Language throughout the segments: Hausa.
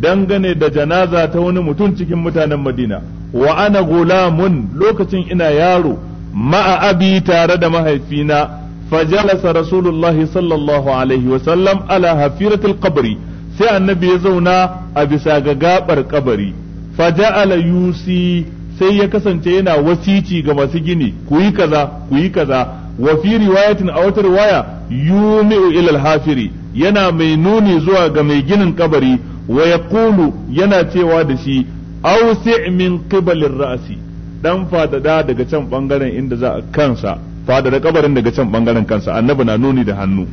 dangane da janaza ta wani mutum cikin mutanen Madina wa ana gulamun lokacin ina yaro ma'a abi tare da mahaifina fajalasa rasulullah sallallahu alaihi wa sallam ala hafiratul qabri sai annabi ya zauna a bisa ga gabar kabari faja'ala yusi sai ya kasance yana wasici ga masu gini ku yi kaza ku yi kaza wa fi riwayatin a wata riwaya yumi'u ila hafiri yana mai nuni zuwa ga mai ginin kabari wa yaqulu yana cewa da shi ausi min qibalir ra'si dan daga can bangaren inda za a kansa fadada kabarin daga can bangaren kansa annabi na nuni da hannu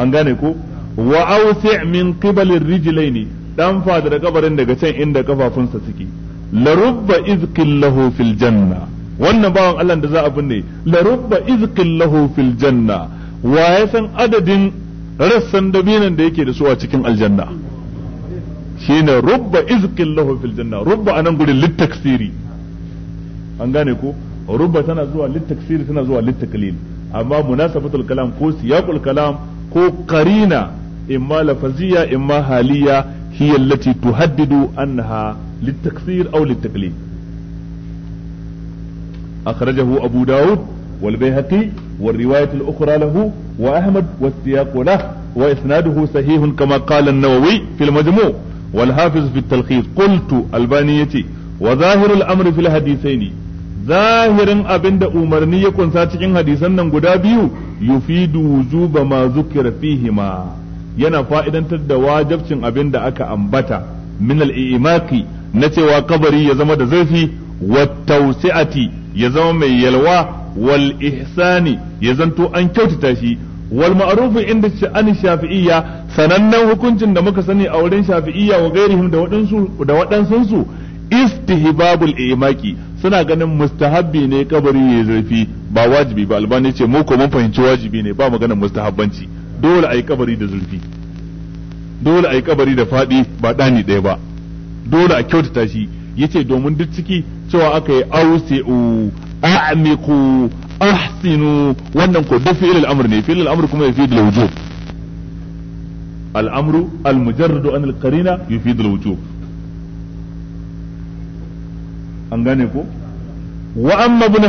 an gane ko wa ausi min qibalir rijlaini dan fadada kabarin daga can inda kafafunsa suke la rubba izqillahu fil janna wannan bawan Allah da za a binne la rubba izqillahu fil janna wa ya san adadin rassan dabinan da yake da su a cikin aljanna shine rubba izqin lahu fil janna rubba anan gurin littaksiri an gane ko rubba tana zuwa littaksiri tana zuwa littaklil amma munasabatul kalam ko siyaqul kalam ko qarina imma lafaziya imma haliya hiya allati tuhaddidu annaha للتكثير أو للتقليل أخرجه أبو داود والبيهقي والرواية الأخرى له وأحمد والسياق له وإسناده صحيح كما قال النووي في المجموع wal hafiz fi talkhis qultu albani yace wa zahirul amri hadisai ne zahirin abin da umarni ya kunsa cikin hadisan nan guda biyu yufidu wujuba ma zukira fihima yana fa'idantar da wajabcin abinda aka ambata min al-imaki na cewa kabari ya zama da zurfi wa tawsi'ati ya zama mai yalwa wal ihsani ya zanto an kyautata shi wal ma'rufu inda an shafi'iyya sanannen hukuncin da muka sani a wurin shafi'iyya wa gairihim da wadansu da wadansun su istihbabul imaki suna ganin mustahabbi ne kabari ya zurfi ba wajibi ba albani ce mu ko mun fahimci wajibi ne ba maganar mustahabbanci dole ayi kabari da zurfi dole ayi kabari da fadi ba dani ɗaya ba dole a kyautata shi yace domin duk ciki cewa aka yi ausi'u a'miqu ahsinu wannan ko duk fi'il al-amr ne an gane ko wa amma ibn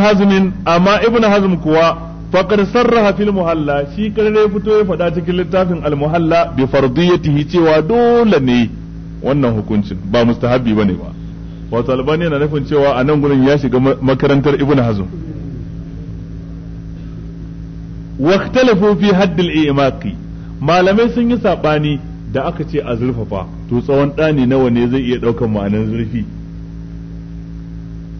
amma ibn hazm kuwa faqad sarraha fil muhalla shi karre fito ya fada cikin littafin al-muhalla cewa dole ne wannan hukuncin ba mustahabbi bane ba wato albani na nufin cewa a nan gurin ya shiga makarantar ibn hazm واختلفوا في حد الإماقي malamai sun yi saɓani da aka ce a zurfafa to tsawon ɗani nawa ne zai iya ɗaukan ma'anan zurfi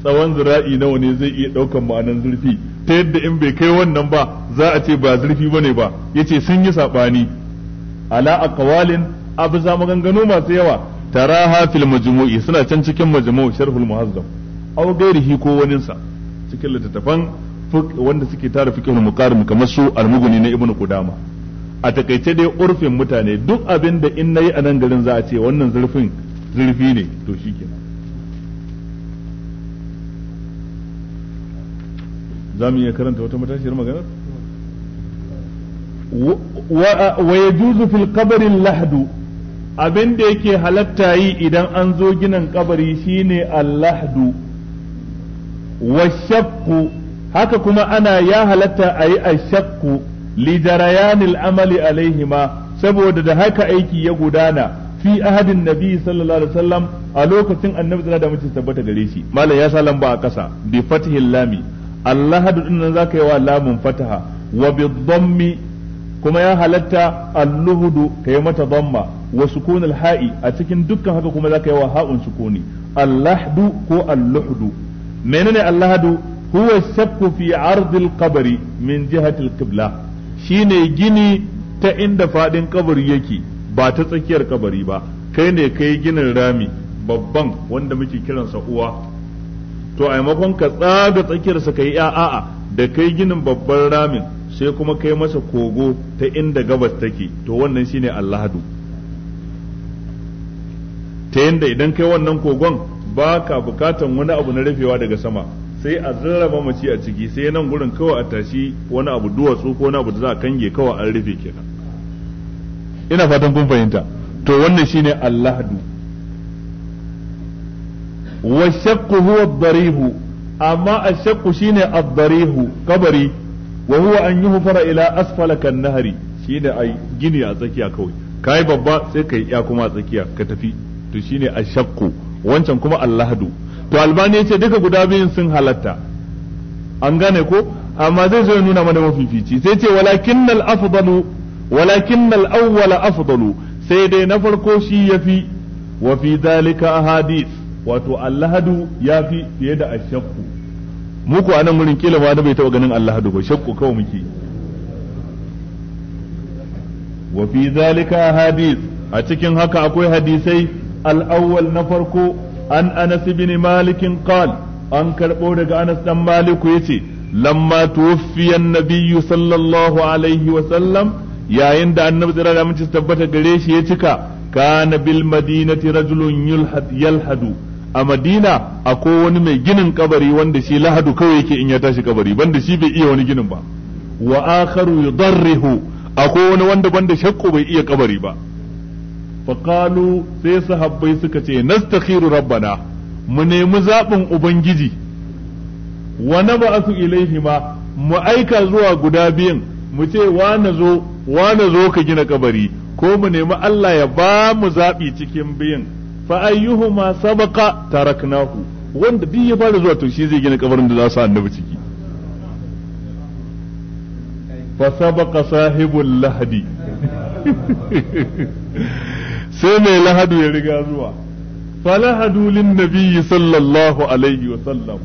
tsawon zira'i nawa ne zai iya ɗaukan ma'anan zurfi ta yadda in bai kai wannan ba za a ce ba zurfi bane ba ya ce sun yi saɓani ala aqwalin abu za maganganu masu yawa taraha fil majmu'i suna can cikin majmu'u sharhul muhazzam aw gairihi ko waninsa cikin littattafan wanda suke tara fikin mukarim kamar su almuguni na ibnu kudama a takaice dai urfin mutane duk abin da in nayi a nan garin za a ce wannan zurfin zurfi ne to shikenan za mu iya karanta wata matashiyar maganar wa yajuzu fil qabri lahdu abin da yake halatta yi idan an zo ginin kabari shine al-lahdu wa shaqqu haka kuma ana ya halatta a yi ashakku li jarayanil amali alaihima saboda da haka aiki ya gudana fi ahadin nabi sallallahu alaihi wasallam a lokacin annabi da mutum tabbata gare shi malam ya sa lamba a kasa bi fathil lami Allah hadu nan zaka yi wa lamun fataha wa bi dhammi kuma ya halatta alluhudu kai mata dhamma wa sukun ha'i a cikin dukkan haka kuma zaka yi wa ha'un sukuni allahdu ko alluhdu menene allahdu huwa shakku fi ardil qabri min jihatil qibla shine gini ta inda fadin kabari yake ba ta tsakiyar kabari ba kai ne kai ginin rami babban wanda muke kiransa uwa to a maimakon ka tsaga tsakiyarsa ka yi a'a da kai ginin babban ramin sai kuma kai masa kogo ta inda gabas take to wannan shine allahadu ta yadda idan kai wannan kogon baka ka bukatan wani abu na rufewa daga sama sai a zarraba mace a ciki sai nan gurin kawai a tashi wani abu duwatsu ko wani abu da za a kange kawai an rufe kenan ina fatan kun fahimta to wannan shine allahdu wa shaqqu huwa ad-darihu amma ash-shaqqu shine ad-darihu kabari wa huwa an yuhfara ila asfala kan-nahri shine ai gini a tsakiya kawai kai babba sai kai iya kuma a tsakiya ka tafi to shine ash-shaqqu wancan kuma allahdu to albani ya ce duka guda biyun sun halatta an gane ko amma zai zo ya nuna mana mafifici sai ce walakin afdalu walakin awwal afdalu sai dai na farko shi yafi wa fi dalika ahadith wato allahadu yafi fiye da ashakku muku anan murin kila ma bai taba ganin allahadu ba shakku kawai muke wa fi dalika ahadith a cikin haka akwai hadisai al awwal na farko an anas bin malikin qal an karbo daga anas dan maliku yace lamma tuwaffiya nabiyyu sallallahu alaihi wa sallam yayin da annabi tsira da mace tabbata gare shi ya cika kana bil madinati rajulun yalhadu a madina akwai wani mai ginin kabari wanda shi lahadu kawai yake in ya tashi kabari banda shi bai iya wani ginin ba wa akharu yudarrihu akwai wani wanda banda shakku bai iya kabari ba faƙalu sai sahabbai suka ce nastakhiru rabbana mu nemi zaɓin ubangiji wa ilaihi ilaihima mu aika zuwa guda biyan mu ce wa zo ka gina kabari ko mu nemi Allah ya ba mu zaɓi cikin biyan fa ayyuhuma sabaqa taraknahu wanda duk ya fara zuwa to shi zai gina kabarin da za su annabi ciki fa sabaka sahibul lahdi sai mai lahadu ya riga zuwa falahadu lin nabiyyi sallallahu alaihi wa sallam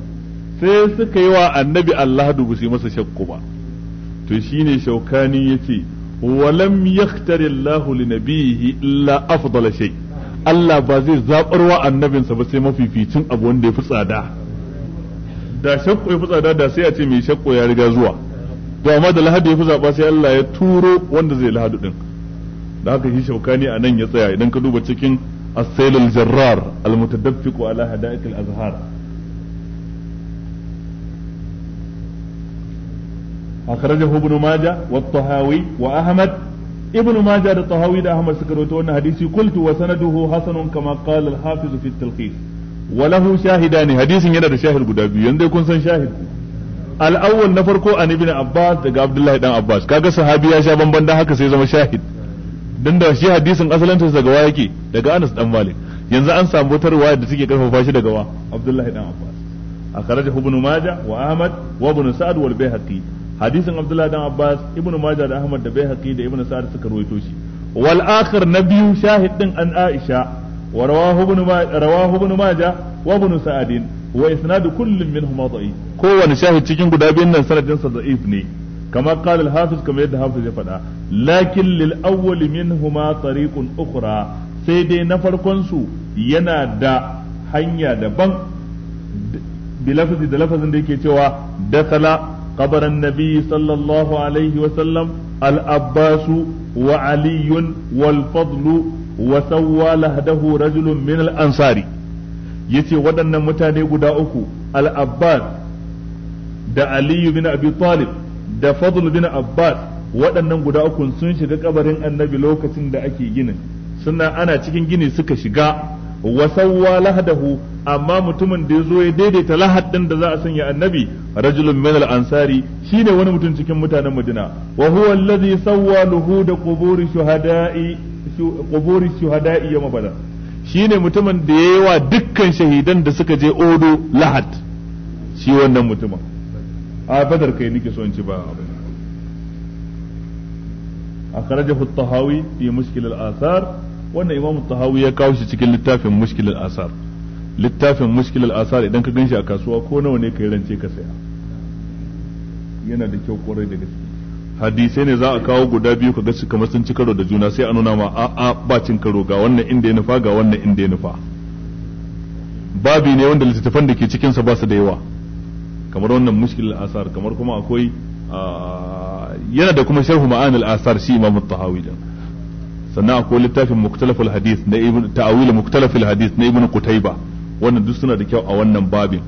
sai suka yi wa annabi allahadu ba su masa shakku ba to shine shaukani yace walam yakhtari allah li nabiyhi illa afdal shay Allah ba zai zabar wa annabinsa ba sai mafificin abu wanda ya fi tsada da shakku ya fi tsada da sai a ce mai shakku ya riga zuwa to amma da lahadu ya fi zaba sai Allah ya turo wanda zai lahadu din da haka shi shaukani a nan ya tsaya idan ka duba cikin as-sail al-jarrar al-mutadaffiq ala hada'iq al-azhar akhrajahu ibn majah wa tahawi wa ahmad ibn majah da tahawi da ahmad suka rawaito wannan hadisi qultu wa sanaduhu hasanun kama qala al-hafiz fi at-talqis wa lahu shahidani hadisin yana da shahid guda biyu yanzu kun san shahid al-awwal na farko an ibn abbas daga abdullahi dan abbas kaga sahabi ya sha bamban da haka sai zama shahid dan da shi hadisin asalanta daga wa yake daga Anas dan Malik yanzu an samu wata riwaya da take karfafa shi daga wa Abdullahi dan Abbas akhrajahu ibn Majah wa Ahmad wa ibn Sa'd wal Baihaqi hadisin Abdullahi dan Abbas ibn Majah da Ahmad da Baihaqi da ibn Sa'd suka ruwaito shi wal akhir nabiyu shahid din an Aisha wa rawahu ibn rawahu ibn Majah wa ibn Sa'd wa isnad kullin minhum da'if kowanne shahid cikin guda biyun nan sanadin sa da'if ne kama qala hafiz kamar yadda hafiz ya faɗa lakin lil awwal minhuma tariqun ukhra sai dai na farkon su yana da hanya daban bi lafazi da lafazin da yake cewa dasala qabaran nabi sallallahu alaihi wa sallam al wa ali wal fadl wa sawwa lahdahu rajulun min al-ansari yace waɗannan mutane guda uku al-abbas da aliyu bin abi talib da fadl bin abbas waɗannan guda uku sun shiga kabarin annabi lokacin da ake ginin suna ana cikin gini suka shiga wa sawwa lahadahu amma mutumin da yazo ya daidaita lahad din da za a sanya annabi rajulun min al-ansari shine wani mutum cikin mutanen Madina wa huwa alladhi sawwa luhud quburi shuhada'i quburi shuhada'i yawm badar shine mutumin da yayi wa dukkan shahidan da suka je odo lahad shi wannan mutumin a badar kai nake so in ci ba abin a karaje hutahawi fi mushkil al wannan imam hutahawi ya kawo shi cikin littafin mushkil al littafin mushkil al idan ka ganshi a kasuwa ko nawa ne kai rance ka saya yana da kyau kwarai da gaske hadisai ne za a kawo guda biyu ka gaske kamar sun ci karo da juna sai a nuna ma a a ba cin karo ga wannan inda ya nufa ga wannan inda ya nufa babi ne wanda littattafan da ke cikinsa ba su da yawa kamar wannan mushkil asar kamar kuma akwai yana da kuma sharhu ma'an al-asar shi imam tahawi din sannan akwai littafin muktalaf al-hadith na ibn ta'awil muktalaf al-hadith na ibn qutayba wannan duk suna da kyau a wannan babin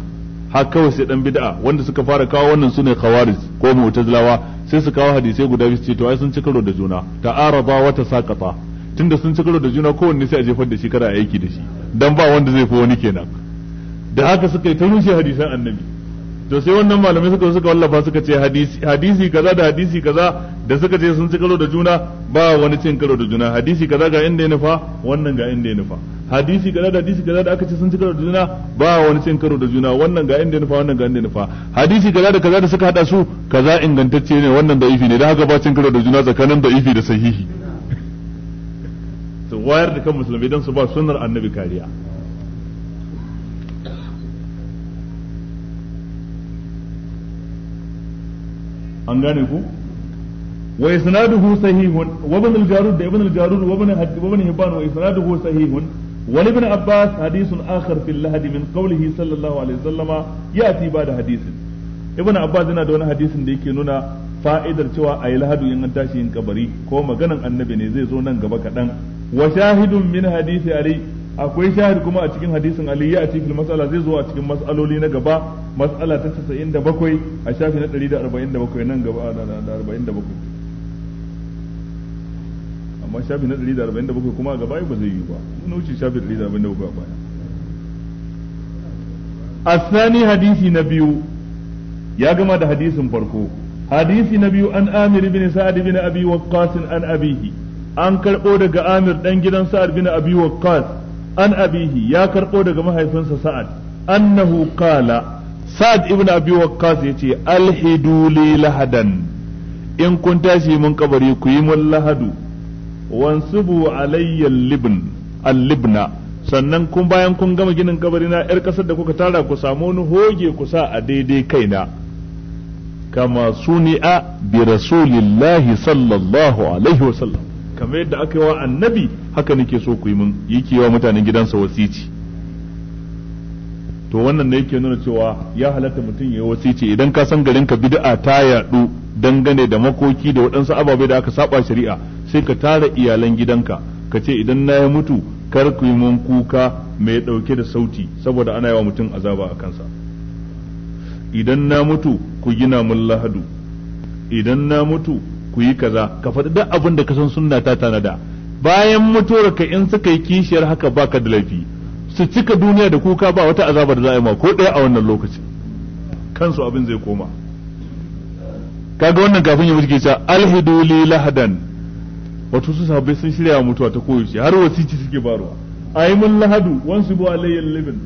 har kawai sai dan bid'a wanda suka fara kawo wannan sune khawarij ko mu'tazilawa sai su kawo hadisai guda biyu ce to ai sun ci karo da juna ta'arada wa tasaqata tunda sun ci karo da juna kowanne sai a jefar da shi kada a aiki da shi dan ba wanda zai fi wani kenan da haka suka yi ta rushe hadisan annabi to sai wannan malamai suka suka wallafa suka ce hadisi hadisi kaza da hadisi kaza da suka ce sun ci karo da juna ba wani cin karo da juna hadisi kaza ga inda ya nufa wannan ga inda ya nufa hadisi kaza da hadisi kaza da aka ce sun ci karo da juna ba wani cin karo da juna wannan ga inda ya nufa wannan ga inda ya nufa hadisi kaza da kaza da suka hada su kaza ingantacce ne wannan da ifi ne da haka ba cin karo da juna tsakanin da ifi da sahihi to wayar da kan musulmai dan su ba sunnar annabi kariya an gane ku wa isnaduhu sahihun wa ibn al-jarud da ibn al-jarud wa ibn wa ibn hibban wa isnaduhu sahihun wa ibn abbas hadithun akhar fil lahd min qawlihi sallallahu alaihi wasallama yati ba da ibn abbas yana da wani hadisin da yake nuna fa'idar cewa ayi lahadu in an tashi yin kabari ko maganan annabi ne zai zo nan gaba kadan wa shahidun min ali akwai shahid kuma a cikin hadisin ali ya ci fil mas'ala zai zo a cikin mas'aloli na gaba mas'ala ta 97 a shafi na 147 nan gaba da 47 amma shafi na 147 kuma a gaba ba zai yi ba mun wuce shafi 147 a baya ya gama da hadisin farko hadisi na biyu an amir ibn sa'ad ibn abi waqqas an أن an karbo daga amir dan gidan sa'ad ibn abi waqqas an abihi ya karɓo daga mahaifinsa sa'ad annahu qala sa'ad ibn abi waqqas yace alhidu li lahadan in kun tashi mun kabari ku yi mun lahadu wansubu alayya libn al-libna sannan kun bayan kun gama ginin kabari na yar kasar da kuka tara ku samu wani hoge ku sa a daidai kaina kama suni'a bi rasulillahi sallallahu alaihi wasallam kamar yadda aka yi wa annabi haka nake so ku yi min yake wa mutanen gidansa wasici to wannan ne yake nuna cewa ya halatta mutum ya yi wasici idan ka san garin ka bid'a ta yadu dangane da makoki da waɗansu ababe da aka saba shari'a sai ka tara iyalan gidanka ka ce idan na ya mutu kar ku yi mun kuka mai ɗauke da sauti saboda ana yawa mutum azaba a kansa idan na mutu ku gina mun lahadu idan na mutu ku yi kaza ka faɗi duk abin da ka san sunna ta tanada bayan mutuwar ka in suka yi kishiyar haka baka da laifi su cika duniya da kuka ba wata azabar da za a yi ma ko ɗaya a wannan lokaci kansu abin zai koma kaga wannan kafin ya mutu ta alhidu li lahadan wato su sabai sun shirya wa mutuwa ta koyaushe har wasici suke barwa yi mun lahadu wansu bu alayyan libin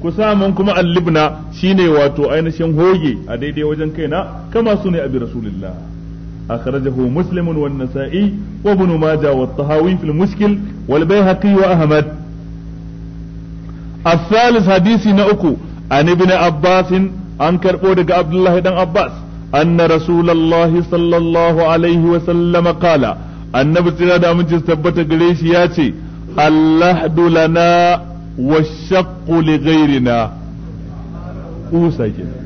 ku sa mun kuma allibna shine wato ainihin hoge a daidai wajen kaina kama su ne abi rasulillah. أخرجه مسلم والنسائي وابن ماجه والطهاوي في المشكل والبيهقي وأحمد الثالث حديث نأكو عن ابن عباس عن كربودك عبد الله بن عباس أن رسول الله صلى الله عليه وسلم قال النبي صلى الله عليه وسلم ثبت قريش ياتي اللحد لنا والشق لغيرنا قوسا كده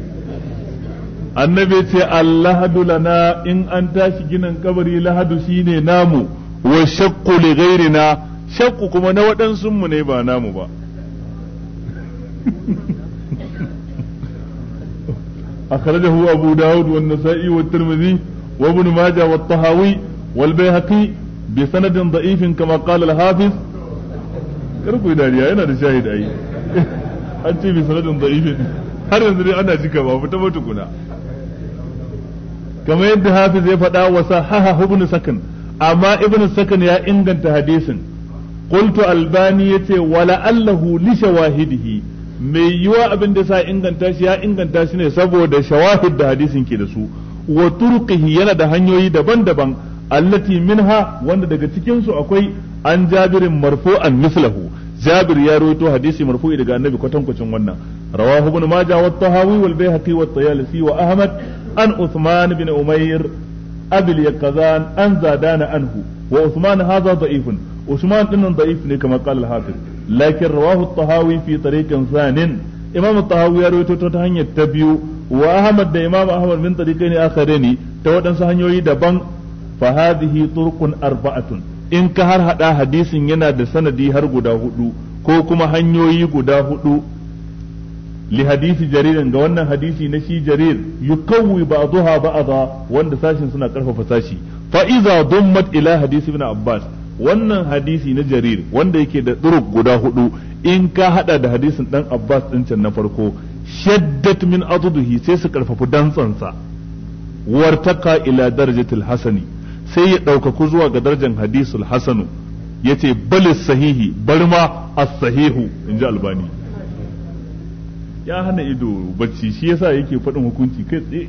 annabi ce allahadu lana in an tashi ginin kabari lahadu shine namu wa shakku li ghairina shakku kuma na waɗansu mu ne ba namu ba أخرجه أبو داود والنسائي والترمذي وابن ماجه والطهاوي والبيهقي بسند ضعيف كما قال الحافظ كركو داريا أنا An ce أنت sanadin ضعيف har yanzu dai ana jika ba ta mutu kuna kamar yadda hafiz ya faɗa wa sahaha ibn sakan amma ibn sakan ya inganta hadisin qultu albani yace wala allahu li shawahidihi mai yiwa abin da sa inganta shi ya inganta shi ne saboda shawahid da hadisin ke da su wa turqihi yana da hanyoyi daban-daban allati minha wanda daga cikin su akwai an jabirin marfu'an mislahu jabir ya rawaito hadisi marfu'i daga annabi kwatankwacin wannan rawahu ibn majah wa tahawi wal bayhaqi wa tayalisi wa ahmad an Usman bin Umair abil yakazan an zadana anhu wa Usman haza da'ifun Usman dinnan da'if ne kamar qala al lakin rawahu at-tahawi fi tariqin sanin imam at-tahawi ya rawaito ta hanyar ta biyu wa Ahmad da imam Ahmad min tariqaini ni. ta waɗansu hanyoyi daban fa hadhihi turqun arba'atun in ka har hada hadisin yana da sanadi har guda hudu ko kuma hanyoyi guda hudu li jaririn ga wannan hadisi na shi jarir yukawwi ba'daha ba'dha wanda sashen suna karfafa sashi Fa'iza iza dummat ila hadisi ibn abbas wannan hadisi na jarir wanda yake da duruk guda hudu in ka haɗa da hadisin dan abbas ɗin can na farko shaddat min aduduhi sai su karfafu dantsansa wartaka ila darajatil Hassani sai ya ɗaukaku zuwa ga darajar hadisul Hassanu ya ce bali sahihi barma as-sahihu ji albani ya hana ido bacci shi yasa yake faɗin hukunci kai tsaye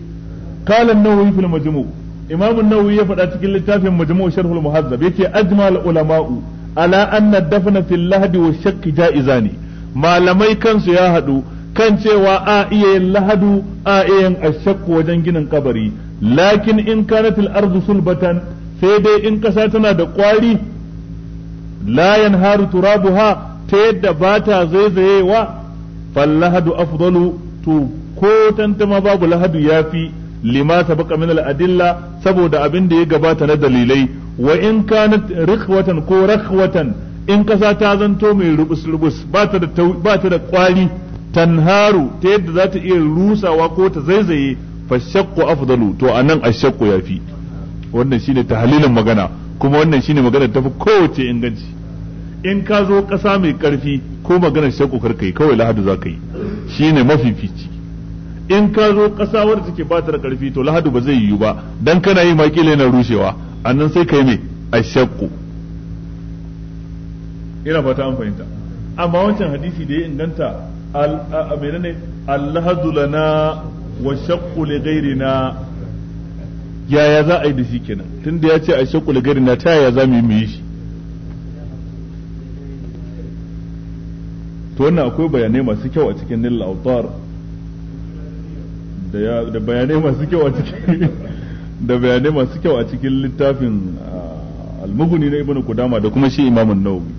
qala nawawi fil majmu' imam nawawi ya faɗa cikin littafin majmu' sharh al-muhazzab yace ajma'al ulama'u ala anna dafna fil lahdi wa shakk jaizani malamai kansu ya haɗu kan cewa a iya yin lahadu a iya yin ashakku wajen ginin kabari lakin in kanat ardu sulbatan sai dai in kasa tana da kwari la yanharu turabuha ta yadda ba ta zaizayewa fallahadu afdalu to ko tantama babu lahadu yafi lima tabaqa min al saboda abin da ya gabata na dalilai wa in kanat rikhwatan ko rakhwatan in kasa ta zanto mai rubus rubus ba ta da ba tanharu ta yadda za ta iya rusawa ko ta zaizaye fashaqqu afdalu to anan ashaqqu yafi wannan shine tahlilin magana kuma wannan shine magana tafi kowace inganci in ka zo ƙasa mai ƙarfi ko maganar shaƙo karka yi kawai lahadu za ka yi Shi mafi mafifici in ka zo ƙasa wadda take ba ta da ƙarfi to lahadu ba zai yiwu ba dan kana yi ƙila na rushewa annan sai ka yi mai a shakku ina fata an fahimta amma wancan hadisi da ya inganta al menene allahadu lana wa le gairi na yaya za a yi da shi kenan tunda ya ce le gairi na ta yaya za mu yi mu yi shi to wannan akwai bayanai masu kyau a cikin nil autar da bayanai masu kyau a cikin da bayanai masu kyau a cikin littafin ah, almuguni na ibnu kudama da kuma shi imamun nawawi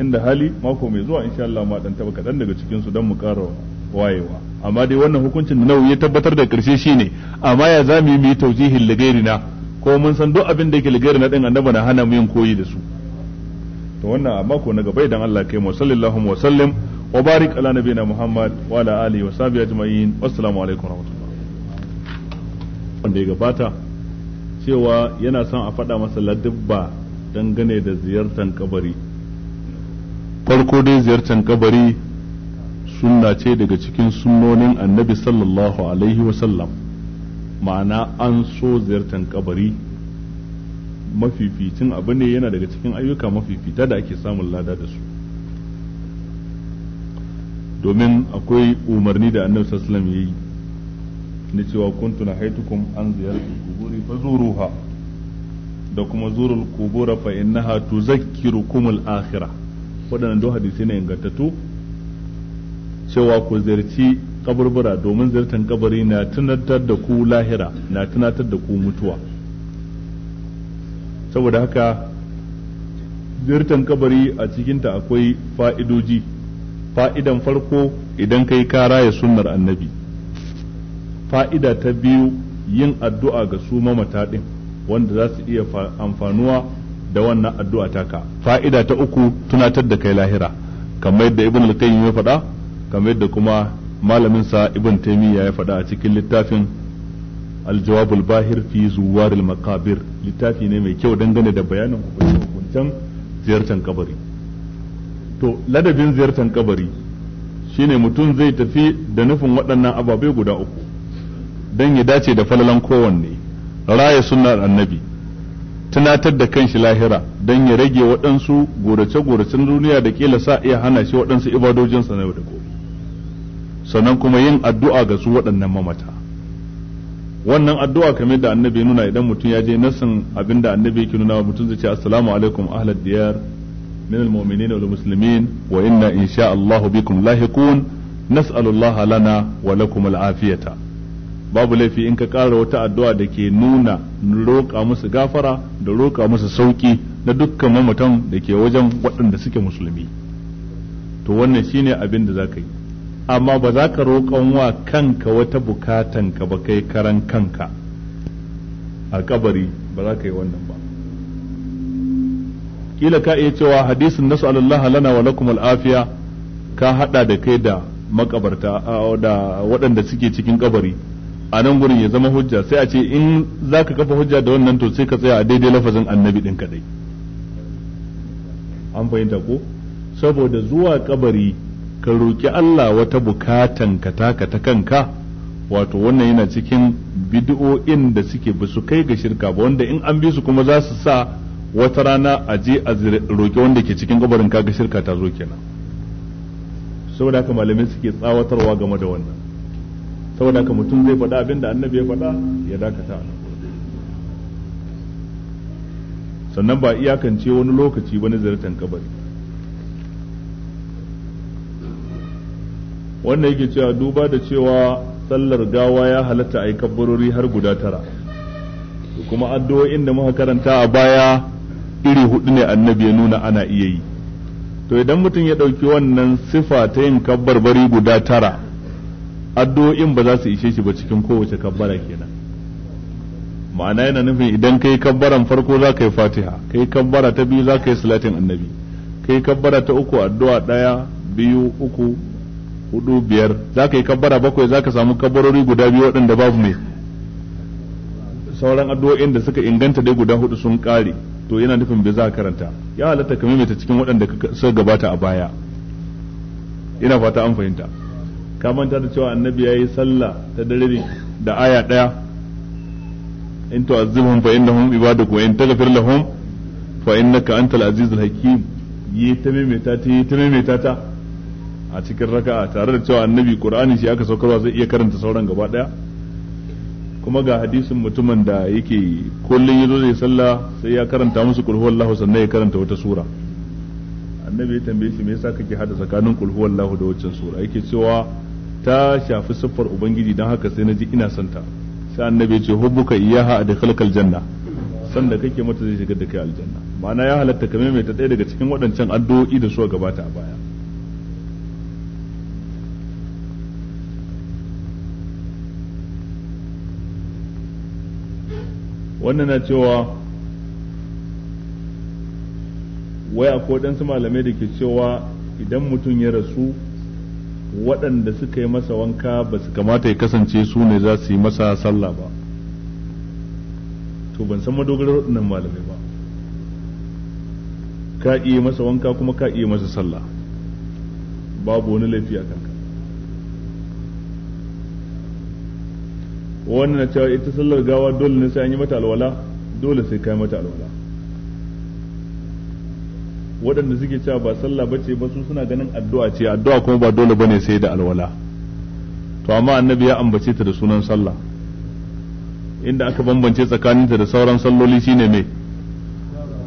inda hali mako mai zuwa insha Allah ma dan taba kadan daga cikin su dan mu ƙara wayewa amma dai wannan hukuncin da nawawi ya tabbatar da karshe shine amma ya zamu yi tawjihin taujihin ligairina ko mun san duk abin da yake ligairina din annabana na hana mu yin koyi da su to wannan a mako na gaba idan Allah kai mu sallallahu wa sallim wa barik ala nabiyina Muhammad wa ala alihi wa sahbihi ajma'in assalamu alaikum warahmatullahi wanda ya gabata cewa yana son a faɗa masa ladabba dangane da ziyartar kabari farko dai ziyartar kabari sunna ce daga cikin sunnonin annabi sallallahu alaihi wasallam ma'ana an so ziyartar kabari mafificin abu ne yana daga cikin ayyuka mafifita da ake samun lada da su domin akwai umarni da annabi sallallahu ya yi na cewa kuntu haitukun an ziyarci kuburi fa zuruha da kuma zurul kubura fa innaha tuzakkirukum akhirah waɗannan duk hadisi ne ingantattu cewa ku ziyarci kaburbura domin ziyartar kabari na tunatar da ku lahira na tunatar da ku mutuwa saboda haka ziyartar kabari a cikinta akwai fa'idoji fa'idan farko idan yi kara ya sunar annabi fa'ida ta biyu yin addu'a ga su mamata ɗin wanda za su iya amfanuwa da wannan addu'a taka fa'ida ta uku tunatar da kai lahira kamar yadda ibn al ya faɗa kamar yadda kuma malamin sa ibn taimiyya ya faɗa a cikin littafin aljawabul bahir fi zuwar al littafi ne mai kyau dangane da bayanin hukuncen ziyartar kabari to ladabin ziyartar kabari shine mutum zai tafi da nufin waɗannan ababai guda uku don ya dace da falalan kowanne raya sunnar annabi tunatar da kanshi lahira don ya rage waɗansu gorace-goracen duniya da kila sa iya hana shi waɗansu ibadojinsa na yau da gobe sannan kuma yin addu'a ga su waɗannan mamata wannan addu'a kamar da annabi nuna idan mutum ya je abin da annabi yake nuna mutum zai ce assalamu alaikum ahlad diyar min almu'minin wal muslimin wa inna insha Allah bikum lahiqun nas'alullaha lana wa lakum babu laifi in ka ƙara wata addu'a da ke nuna roƙa musu gafara da roƙa musu sauki na dukkan mamatan da ke wajen waɗanda suke musulmi to wannan shine abin da za ka yi amma ba za ka roƙon wa kanka wata bukatan ka ba kai karan kanka a kabari ba za ka yi wannan ba kila ka iya cewa hadisin nasu alallaha lana wa lakum al'afiya ka hada da kai da makabarta da waɗanda suke cikin kabari a nan gurin ya zama hujja sai a ce in za ka kafa hujja da wannan to sai ka tsaya a daidai lafazin annabi ɗin kaɗai an fahimta ko saboda zuwa kabari ka roƙi Allah wata bukatan ka taka ta kanka wato wannan yana cikin bid'o'in da suke ba su kai ga shirka ba wanda in an bi su kuma za su sa wata rana a je a roƙi wanda ke cikin gabarin kaga shirka ta zo kenan saboda haka malamai suke tsawatarwa game da wannan saboda haka mutum zai faɗa abin da annabi ya faɗa ya dakata sannan ba iyakance wani lokaci ba na ziyartar kabari wannan yake cewa duba da cewa sallar gawa ya halatta a yi kabbarori har guda tara kuma addu'o'in da muka karanta a baya iri hudu ne annabi ya nuna ana iya yi to idan mutum ya ɗauki wannan sifa ta yin kabbarbari guda tara addu'o'in ba za su ishe shi ba cikin kowace kabbara kenan ma'ana yana nufin idan kai kabbaran farko za ka yi fatiha kai kabbara ta biyu za ka yi salatin annabi kai kabbara ta uku addu'a ɗaya biyu uku hudu biyar za ka yi kabbara bakwai za ka samu kabbarori guda biyu waɗanda babu mai sauran addu'o'in da suka inganta dai guda hudu sun ƙare to yana nufin bai za karanta ya halatta ka maimaita cikin waɗanda suka gabata a baya ina fata an fahimta ka manta da cewa annabi ya yi sallah ta dare ne da aya ɗaya in tu'azzibhum fa innahum ibaduk in taghfir lahum fa innaka antal azizul hakim yi ta maimaita ta yi ta maimaita ta a cikin raka'a tare da cewa annabi qur'ani shi aka saukarwa zai iya karanta sauran gaba daya kuma ga hadisin mutumin da yake kullun yazo zai sallah sai ya karanta musu qul huwallahu sannan ya karanta wata sura annabi ya tambaye shi me yasa kake hada tsakanin qul huwallahu da waccan sura yake cewa ta shafi siffar ubangiji dan haka sai naji ina santa sai annabi ya ce hubbuka iyyaha adkhalakal janna san da kake mata zai shigar da kai aljanna ma'ana ya halatta kamar mai ta daya daga cikin waɗancan addu'o'i da suka gabata a baya wannan na cewa wai akwai waɗansu malamai da ke cewa idan mutum ya rasu waɗanda suka yi masa wanka ba su kamata ya kasance su ne za su yi masa sallah ba to ban san madogarar waɗannan malamai ba ka iya masa wanka kuma ka iya masa sallah babu wani laifi a kanka wannan na cewa ita sallar gawa dole ne sai an yi mata alwala dole sai kai mata alwala waɗanda suke cewa ba sallah bace ba su suna ganin addu'a ce addu'a kuma ba dole bane sai da alwala to amma annabi ya ambace ta da sunan sallah inda aka bambance tsakaninta da sauran salloli shine me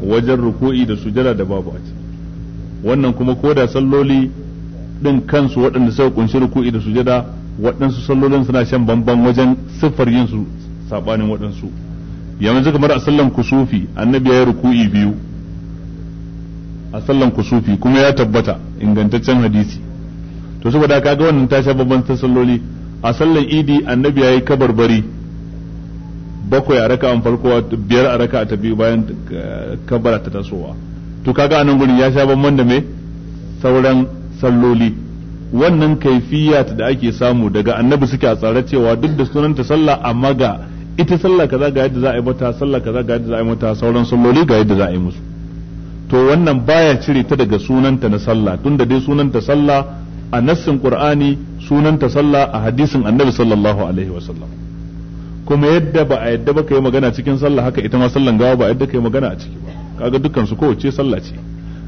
wajen ruku'i da sujada da babu a ciki wannan kuma ko da salloli din kansu waɗanda suka kunshi ruku'i da sujada waɗansu sallolin suna shan bamban wajen siffar yin su sabanin waɗansu yanzu kamar a sallan kusufi annabi ya yi ruku'i biyu a sallan kusufi kuma ya tabbata ingantaccen hadisi to saboda kaga wannan ta sha babban ta salloli a sallan idi annabi ya yi kabarbari bakwai a raka an farko biyar a raka ta biyu bayan eh, kabara ta tasowa to kaga anan gurin ya sha bamban da me sauran salloli wannan kaifiyat da ake samu daga annabi suke a tsare cewa duk da sunanta sallah amma ga ita sallah kaza ga yadda za a yi mata sallah kaza ga yadda za a yi mata sauran salloli ga yadda za a yi musu to wannan baya cire ta daga sunanta na sallah tunda dai sunanta sallah a nassin qur'ani sunanta sallah a hadisin annabi sallallahu alaihi wasallam kuma yadda ba a yadda ba kai magana cikin sallah haka ita ma sallan gawa ba yadda kai magana a ciki ba kaga dukkan su kowace sallah ce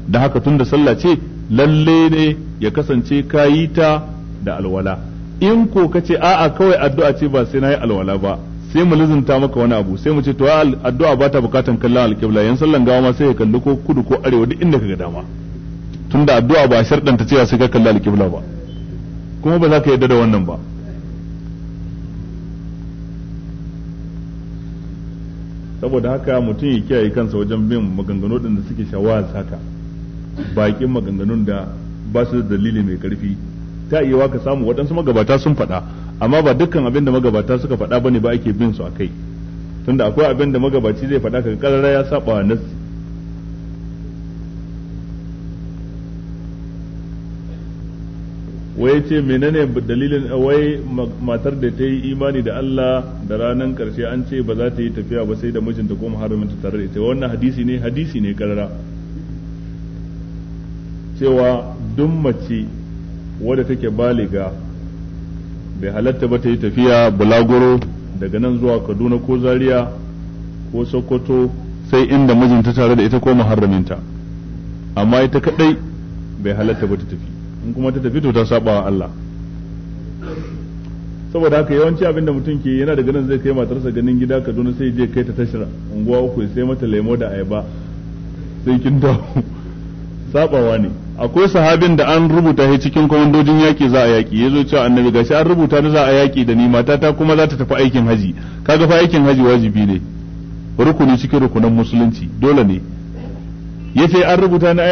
da haka tunda sallah ce lalle ne ya kasance ka yi ta da alwala in ko ka ce a'a kawai addu'a ce ba sai na yi alwala ba sai mu lizinta maka wani abu sai mu ce to addu'a ba ta bukatan kallon alƙibla yan sallan gawa ma sai ya kalli ko kudu ko arewa duk inda kaga dama tunda addu'a ba sharɗanta cewa sai ka kalli alƙibla ba kuma ba za ka yarda da wannan ba saboda haka mutum ya kiyaye kansa wajen bin maganganu da suke shawara haka bakin maganganun da ba su da dalili mai karfi ta iya ka samu waɗansu magabata sun faɗa amma ba dukkan abin da magabata suka faɗa bane ba ake bin su a kai tunda akwai abin da magabaci zai faɗa kaga karara ya saba nasi wai ce menene dalilin wai matar da ta yi imani da Allah da ranar karshe an ce ba za ta yi tafiya ba sai da mijinta ko muharraminta tare da ita wannan hadisi ne hadisi ne karara cewa duk mace wadda take baliga bai halatta ba ta yi tafiya bulaguro daga nan zuwa kaduna ko zaria ko sokoto sai inda mijinta tare da ita ko muharraminta amma ita kadai bai halatta ba ta tafi in kuma ta tafi to ta saba wa Allah saboda haka yawanci abin da mutum ke yana daga nan zai kai matarsa ganin gida Kaduna sai je kai ta tashira unguwa uku sai mata lemo da ayaba sai kin dawo sabawa ne akwai sahabin da an rubuta shi cikin komandojin yaƙi za a yaƙi ya zo cewa annabi gashi an rubuta ni za a yaƙi da ni matata kuma za ta tafi aikin haji kaga fa aikin haji wajibi ne rukuni cikin rukunan musulunci dole ne ya ce an rubuta ni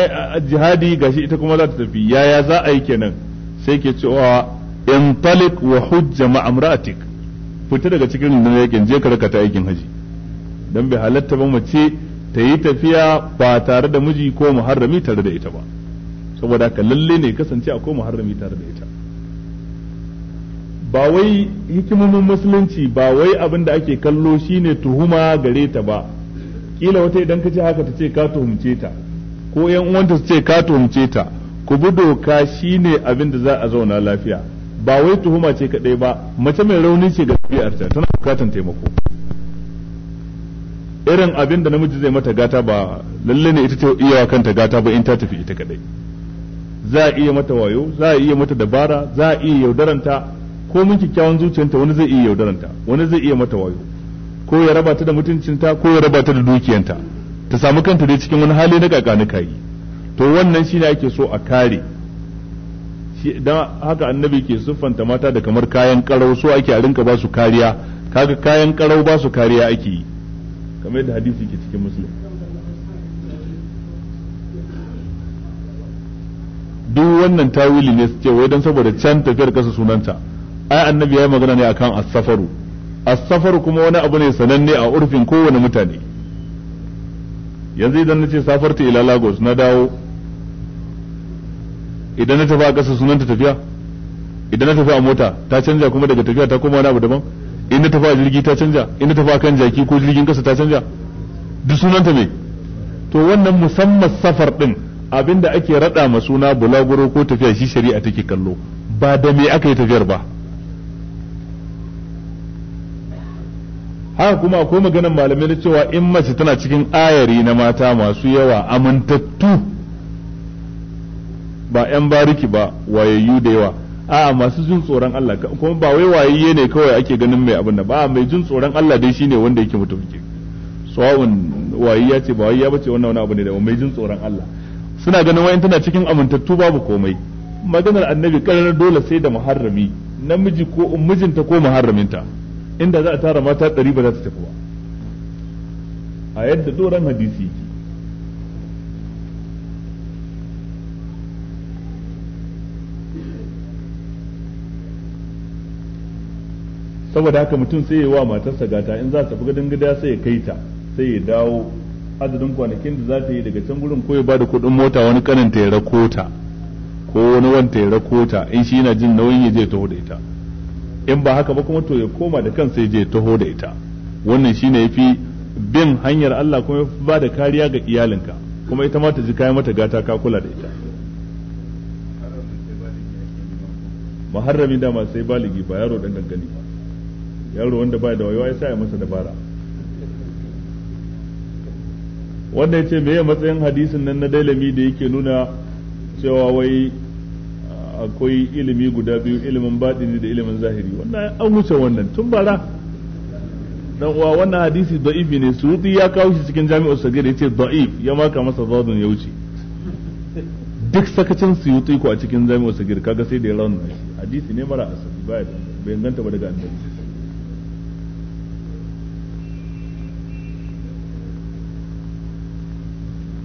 jihadi gashi ita kuma za ta tafi yaya za a yi kenan sai ke cewa in talik wa hujja ma'amratik fita daga cikin rundunar yaƙin je ka rakata aikin haji dan bai halatta ba mace ta yi tafiya ba tare da miji ko muharrami tare da ita ba saboda haka lalle ne kasance akwai muharrami tare da ita ba wai hikimomin musulunci ba wai abin da ake kallo shine tuhuma gare ta ba kila wata idan ka ce haka ta ce ka tuhumce ta ko yan uwanta su ce ka tuhumce ta ku bi doka shine abin da za a zauna lafiya ba wai tuhuma ce kadai ba mace mai rauni ce ga ɗabi'arta tana bukatan taimako irin abin da namiji zai mata gata ba lalle ne ita ce iyawa kanta gata ba in ta tafi ita kadai za a iya mata wayo za a iya mata dabara za a iya yaudaranta ko mun kyakkyawan zuciyanta wani zai iya yaudaranta wani zai iya mata wayo ko ya raba ta da mutuncinta ko ya raba ta da dukiyanta ta samu kanta dai cikin wani hali na kakani kayi to wannan shine ake so a kare shi dan haka annabi ke siffanta mata da kamar kayan karau so ake a rinka ba su kariya kaga kayan karau ba su kariya ake yi kamar yadda hadisi ke cikin muslim duk wannan tawili ne su wai dan saboda can tafiyar kasa sunanta ai annabi ya yi magana ne akan as-safaru as-safaru kuma wani abu ne sananne a urfin kowane mutane yanzu idan nace safarta ila lagos na dawo idan na tafi a kasa sunanta tafiya idan na tafi a mota ta canja kuma daga tafiya ta koma wani abu daban in na tafi a jirgi ta canja in na tafi a kan jaki ko jirgin kasa ta canja duk sunanta me to wannan musamman safar din Abin da ake rada ma suna bulaguro ko tafiya shi shari'a take kallo ba da me aka yi tafiyar ba haka kuma akwai maganar malamai na cewa in mace tana cikin ayari na mata masu yawa amintattu ba 'yan bariki ba wayayyu da yawa a'a masu jin tsoron Allah kuma ba wai wayayye ne kawai ake ganin mai abin da ba mai jin tsoron Allah dai shine wanda yake mutum ke sawa'un wayayya ce ba wayayya ba ce wannan wani abu ne da mai jin tsoron Allah suna ganin wayan tana cikin amintattu babu komai maganar annabi karar dole sai da muharrami namiji ko mijinta ko muharraminta inda za a tara mata ɗari ba za ta tafi ba a yadda doron hadisi yake saboda haka mutum sai ya wa matarsa gata in za su tafi gadin gida sai ya kai ta sai ya dawo adadin kwanakin da za ta yi daga can gurin ko ba da kudin mota wani ta ya rakota ko wani wanta ya rakota in shi yana jin nauyin ya je taho da ita in ba haka ba kuma to ya koma da kansa ya je taho da ita wannan ne fi bin hanyar Allah kuma ya ba da kariya ga iyalinka kuma ita ma ta ji kayan mata gata ka kula da ita muharrami dama sai baligi ba yaro dan gangani ba yaro wanda ba da wayo sa ya masa dabara wanda ya ce meye matsayin hadisin nan na dalami da yake nuna cewa wai ah, akwai ilimi guda biyu ilimin baɗini da ilimin zahiri wannan an wuce wannan tun bara dan uwa wannan hadisi da'ifi ne suruti ya kawo shi cikin jami'ar sagir ya ce da'if ya maka masa zadun ya wuce duk sakacin suyuti ko a cikin jami'ar sagir kaga sai da ya raunin hadisi ne mara asali baya bai ganta ba daga annabi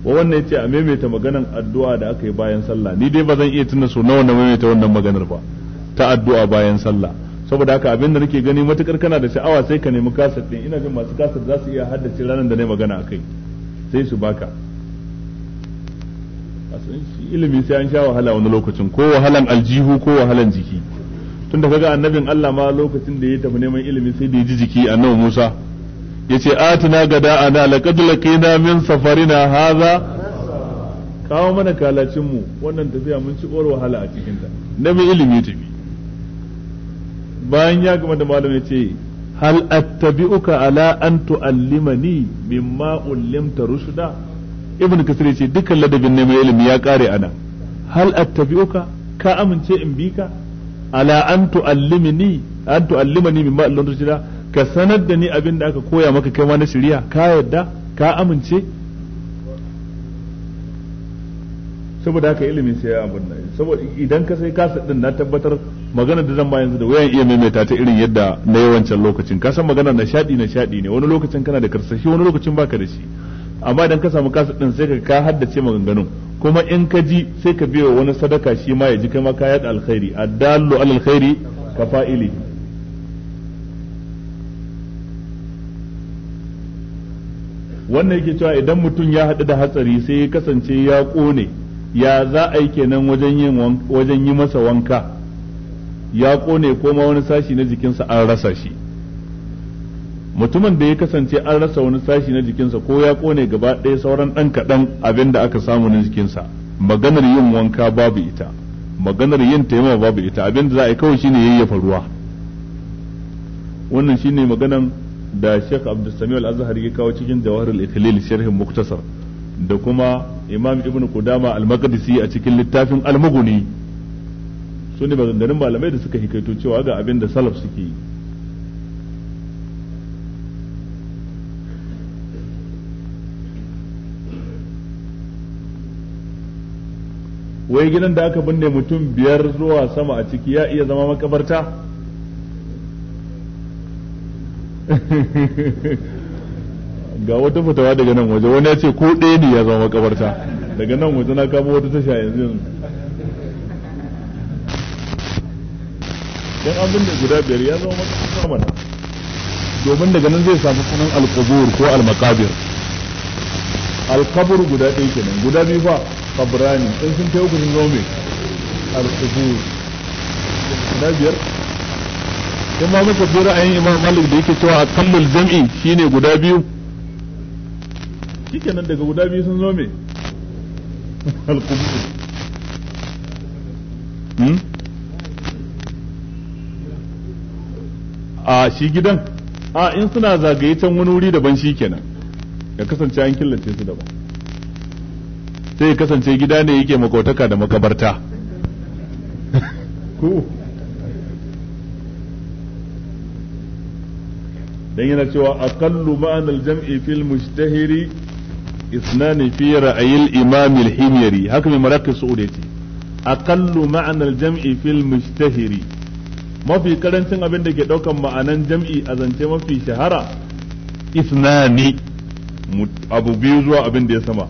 wa wannan yace a maimaita maganan addu'a da aka yi bayan sallah ni dai ba zan iya tuna so na na maimaita wannan maganar ba ta addu'a bayan sallah saboda haka abin da nake gani matukar kana da sha'awa sai ka nemi kasar din ina jin masu kasar za su iya haddace ranar da na magana akai sai su baka ilimi sai an sha wahala wani lokacin ko wahalan aljihu ko wahalan jiki tunda kaga annabin Allah ma lokacin da ya tafi neman ilimi sai da ya ji jiki annabi Musa yace atina gada ana laqad laqina min safarina hadha kawo mana kalacin mu wannan tafiya mun ci ƙwar wahala a cikin ta na mai ilimi tafi bayan ya gama da malam yace hal attabi'uka ala an tu'allimani mimma ullimta rushda ibn kasir yace dukkan ladabin neman ilimi ya kare ana hal attabi'uka ka amince in bi ka ala an tu'allimani an tu'allimani mimma ullimta rushda ka sanar da ni abin da aka koya maka kai ma na shirya ka yarda ka amince saboda haka ilimin sai ya abin nan saboda idan ka sai kasa din na tabbatar magana da zan ba yanzu da wayan iya maimaita ta irin yadda na yawancin lokacin ka san magana na shadi na shadi ne wani lokacin kana da karsashi wani lokacin baka da shi amma idan ka samu kasa din sai ka ka haddace maganganun kuma in ka ji sai ka biyo wani sadaka shi ma ya ji kai ma ka yada alkhairi addallu alal khairi ka fa'ili wannan yake cewa idan mutum ya haɗu da hatsari sai ya kasance ya ƙone ya za a yi kenan wajen yi masa wanka ya ƙone ko ma wani sashi na jikinsa an rasa shi mutumin da ya kasance an rasa wani sashi na jikinsa ko ya ƙone gaba ɗaya sauran ɗan kaɗan abin da aka samu na jikinsa maganar yin wanka babu ita maganar yin taimama babu ita abin da za a yi kawai shine yayyafa ruwa wannan shine maganan da Sheikh Abdul Sami Al-Azhari ya kawo cikin Jawahirul Ikhlil sharhin Muktasar da kuma Imam Ibn Qudama Al-Maqdisi a cikin littafin Al-Mughni su ne maganganun malamai da suka hikaito cewa ga abin da salaf suke yi wai gidan da aka binne mutum biyar zuwa sama a ciki ya iya zama makabarta ga wata fitawa daga nan waje wani ya ce ko ɗaya ne ya zama makabarta daga nan waje na kama wata tasha yanzu yanzu abin da guda biyar ya zama makabarta mana domin daga nan zai samu sunan alƙabur ko almakabir alkabur guda ɗaya kenan guda biyu ba kabrani in sun kai uku sun zama mai guda biyar in ma muka bi ra'ayin imam malik da yake cewa akallul jam'i shine guda biyu shikenan daga guda biyu sun zo me hmm? a shi gidan a in suna zagaye can wani wuri daban shikenan ya kasance an killace su daban sai ya kasance gida ne yake makotaka da makabarta cool. dan yana cewa aqallu ma'an al-jam'i fil mujtahiri اثنان في رأي الإمام الحميري هكذا مراكز سعوديتي أقل معنى الجمع في المشتهر ما في كرنسن أبن دك دوكا معنى الجمع أذن ما في شهرة اثنان أبو بيوزوا أبن دي سما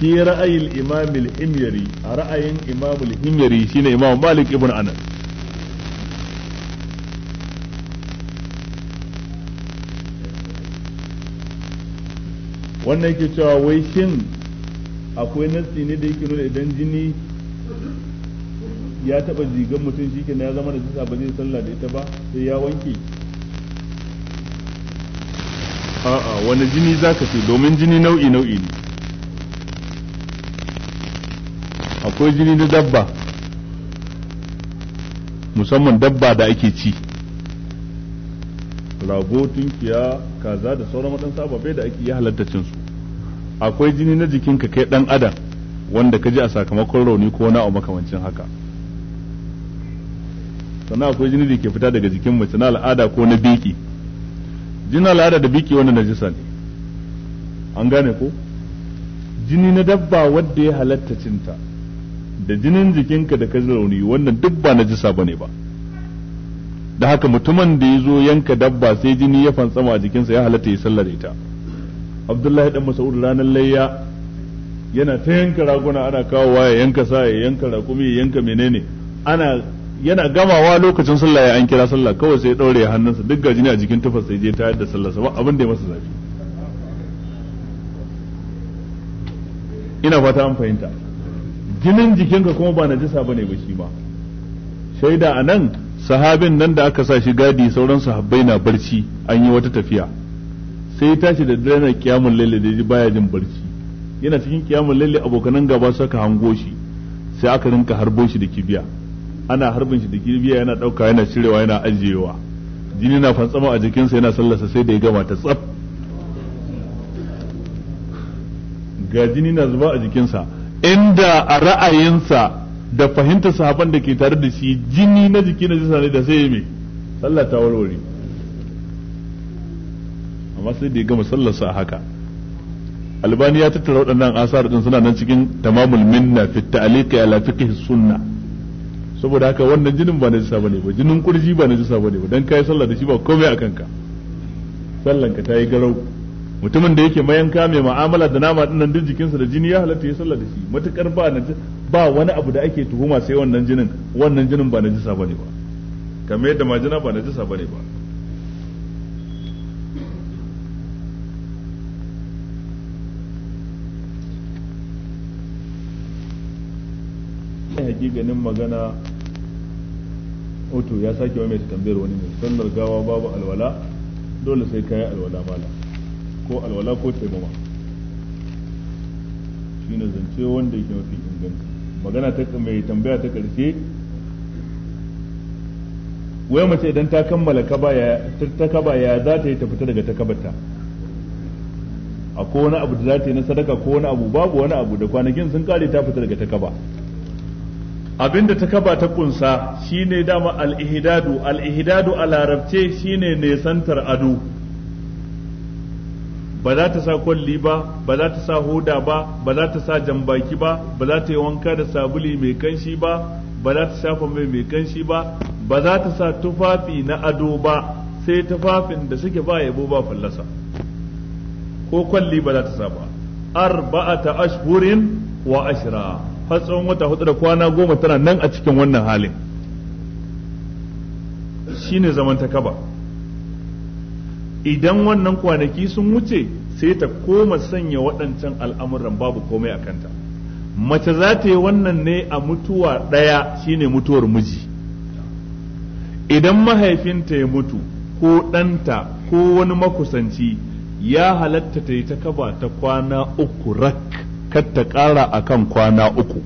في رأي الإمام الحميري رأي إمام الحميري شين إمام مالك ابن أنس wannan yake cewa wai shin akwai nassi ne da yake nuna idan jini ya taba jigan mutum shi ya zama da sisa ba zai sallah da ita ba sai ya wanke a'a wani jini za ka ce domin jini nau'i nau'i ne akwai jini na dabba musamman dabba da ake ci rago tunkiya kaza da sauran waɗansu ababe da ake yi halatta cin su akwai jini na jikinka kai ɗan adam wanda ka ji a sakamakon rauni ko na makamancin haka sannan akwai jini da ke fita daga jikin mace na al'ada ko na biki jini al'ada da biki wanda najisa ne an gane ko jini na dabba wadda ya halatta cinta da jinin jikinka da ka ji rauni wannan duk ba najisa bane ba da haka mutumin da ya zo yanka dabba sai jini ya fantsama a jikinsa ya halatta ya sallar ita abdullahi dan mas'ud ranar layya yana ta yanka raguna ana kawowa ya yanka sa ya yanka rakumi ya yanka menene ana yana gamawa lokacin sallah ya an kira sallah kawai sai ya daure hannunsa duk gajini a jikin tufa sai je ta yadda sallarsa ba abin da ya masa zafi ina fata an fahimta jinin jikinka kuma ba na bane ba shi ba shaida a nan sahabin nan da aka sa shi gadi sauran sahabbai na barci an yi wata tafiya sai ya tashi da dare na kiyamun lalle da ji baya jin barci yana cikin kiyamun lalle abokanan gaba suka hango shi sai aka rinka harbo shi da kibiya ana harbin shi da kibiya yana dauka yana cirewa yana ajiyewa jini na fantsama a jikinsa yana sallarsa sai da ya gama ta tsaf ga jini na zuba a jikinsa inda a ra'ayinsa da fahimta sahaban da ke tare da shi jini na jiki na jisa ne da sai mai sallah ta warware amma sai da ya gama sallarsa a haka albani ya tattara waɗannan asar din suna nan cikin tamamul minna fi ta'liqi ala fiqh sunna saboda haka wannan jinin ba na bane ba jinin kurji ba na bane ba dan kai sallah da shi ba komai a kanka sallanka ta yi garau mutumin da yake mayanka mai mu'amala da nama dinnan duk jikinsa da jini ya halatta ya sallah da shi matukar ba najisa ba wani abu da ake tuhuma sai wannan jinin wannan jinin ba najisa bane ba kamar yadda majina ba najisa bane ba hakikanin magana oto ya sake wa mai tambayar wani ne sannar gawa babu alwala dole sai kayi alwala mala ko alwala ko taimama shine zance wanda yake mafi inganta magana ta mai tambaya ta ƙarshe wai mace idan ta kammala kaba ya ta kaba ya za ta yi ta fita daga takabarta ko wani abu da za ta yi na sadaka ko wani abu babu wani abu da kwanakin sun kare ta fita daga takaba abinda takaba ta kunsa shine dama al-ihdadu al-ihdadu a larabce shine nesantar ado ba za ta sa kwalli ba ba za ta sa hoda ba ba za ta sa jambaki ba ba za ta yi wanka da sabuli mai kanshi ba ba za ta shafa mai mai kanshi ba ba za ta sa tufafi na ado ba sai tufafin da suke ba yabo ba fallasa ko kwalli ba za ta sa ba arba'ata ashhurin wa ashra har tsawon wata hudu da kwana goma tana nan a cikin wannan halin shine zaman ta kaba idan wannan kwanaki sun wuce sai ta koma sanya waɗancan al'amuran babu komai a kanta mace za ta yi wannan ne a mutuwa ɗaya shine mutuwar miji idan mahaifinta ya mutu ko ɗanta ko wani makusanci ya halatta ta yi ta kaba ta kwana uku rak ta ƙara a kan kwana uku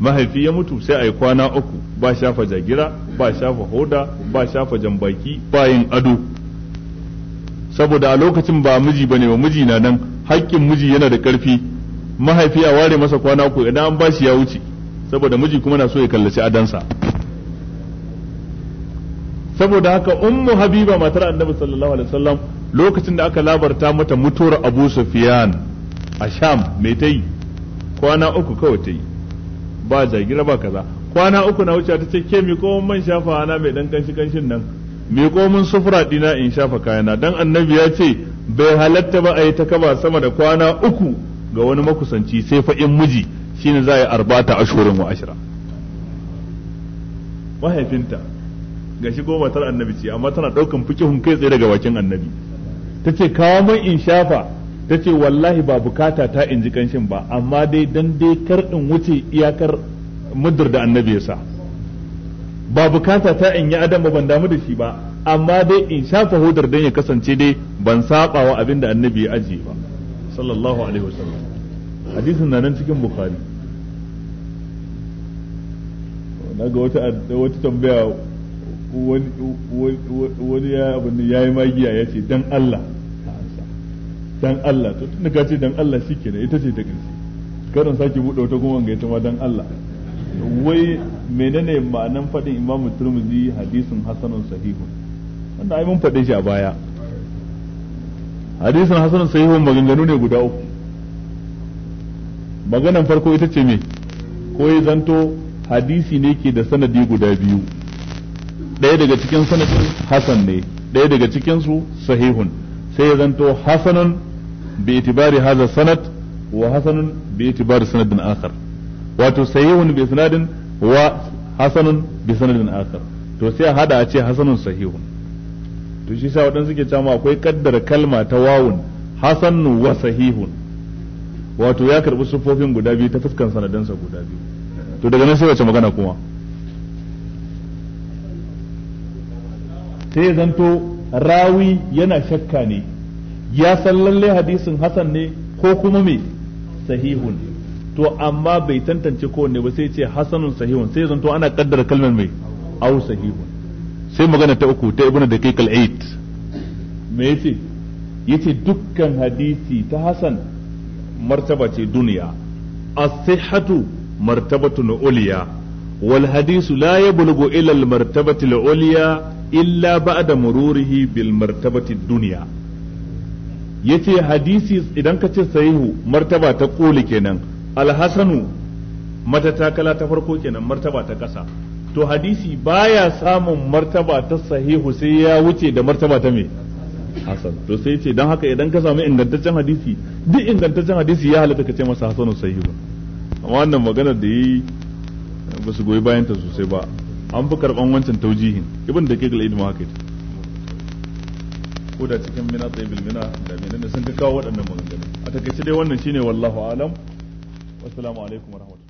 mahaifi ya mutu sai a yi kwana uku ba shafa jagira ba shafa hoda ba shafa jambaki ba yin ado saboda a lokacin ba miji bane ba miji na nan haƙƙin miji yana da ƙarfi mahaifi a ware masa kwana uku idan an bashi ya wuce saboda miji kuma na so ya kallaci adansa saboda haka ummu habiba matar annabi sallallahu alaihi wasallam lokacin da aka labarta mata mutuwar abu sufyan a sham mai ta yi kwana uku kawai ta yi ba jagira ba kaza kwana uku na wuce ta ce ke mi ko man shafa ana mai dan kanshi kanshin nan mi ko mun sufura dina in shafa kayana dan annabi ya ce bai halatta ba a ta kaba sama da kwana uku ga wani makusanci sai fa in miji shine za a yi arbata ashurin wa ashira mahaifinta ga shi goma matar annabi ce amma tana ɗaukan fikihun kai tsaye daga bakin annabi ta ce kawo man in shafa ta ce wallahi ba bukata ta in ji kanshin ba amma dai dan dai kar in wuce iyakar muddar da annabi ya sa ba bukata ta in yi adam ban damu da shi ba amma dai in shafa hudar dan ya kasance dai ban saba wa abin da annabi ya ajiye ba sallallahu alaihi wasallam hadisin na nan cikin bukhari na ga wata wata tambaya wani ya abin ya yi magiya ya ce dan Allah dan Allah to tun da ka ce dan Allah shi kenan ita ce ta karshe karin sake bude wata kuma ga ita ma dan Allah wai menene ma'anan faɗin imam turmuzi hadisin hasanun sahihun wanda ai mun faɗe shi a baya hadisin hasanun sahihun maganganu ne guda uku maganan farko ita ce me ko ya zanto hadisi ne ke da sanadi guda biyu ɗaya daga cikin sanadin hasan ne ɗaya daga cikinsu sahihun sai ya zanto hasanun bi itibari hadha sanad wa hasanun bi itibari sanadin akhar wato sahihun bi sanadin wa hasanun bi sanadin akhar to sai a hada a ce hasanun sahihun to shi sa waɗansu suke cewa akwai kaddara kalma ta wawun hasanun wa sahihun wato ya karbi sufofin guda biyu ta fuskan sa guda biyu to daga nan sai wace magana kuma sai zan zanto rawi yana shakka ne ya san lalle hadisin hasan ne ko kuma me sahihun to amma bai tantance kowanne ba sai ce hasanun sahihun sai zanto ana kaddara kalmar mai au sahihun sai magana ta uku ta ibnu daqiq al-aid me yace yace dukkan hadisi ta hasan martaba ce duniya as-sihhatu martabatun uliya wal hadisu la yablughu ila al-martabati al-uliya illa ba'da mururihi bil martabati dunya yace hadisi idan ka ce sahihu martaba ta koli kenan alhasanu matatakala ta farko kenan martaba ta ƙasa to hadisi baya samun martaba ta sahihu sai ya wuce da martaba ta me hasan to sai ce dan haka idan ka samu ingantaccen hadisi duk ingantaccen hadisi ya halatta ka ce masa hasanu sahihu amma wannan maganar da yi ba su goyi bayan ta sosai ba an fi karban wancan taujihin ibn da ke idma haka ita ko da cikin mina tsaye bilmina da menene sun ka kawo waɗannan maganganu a takaice dai wannan shine wallahu alam wassalamu alaikum warahmatullahi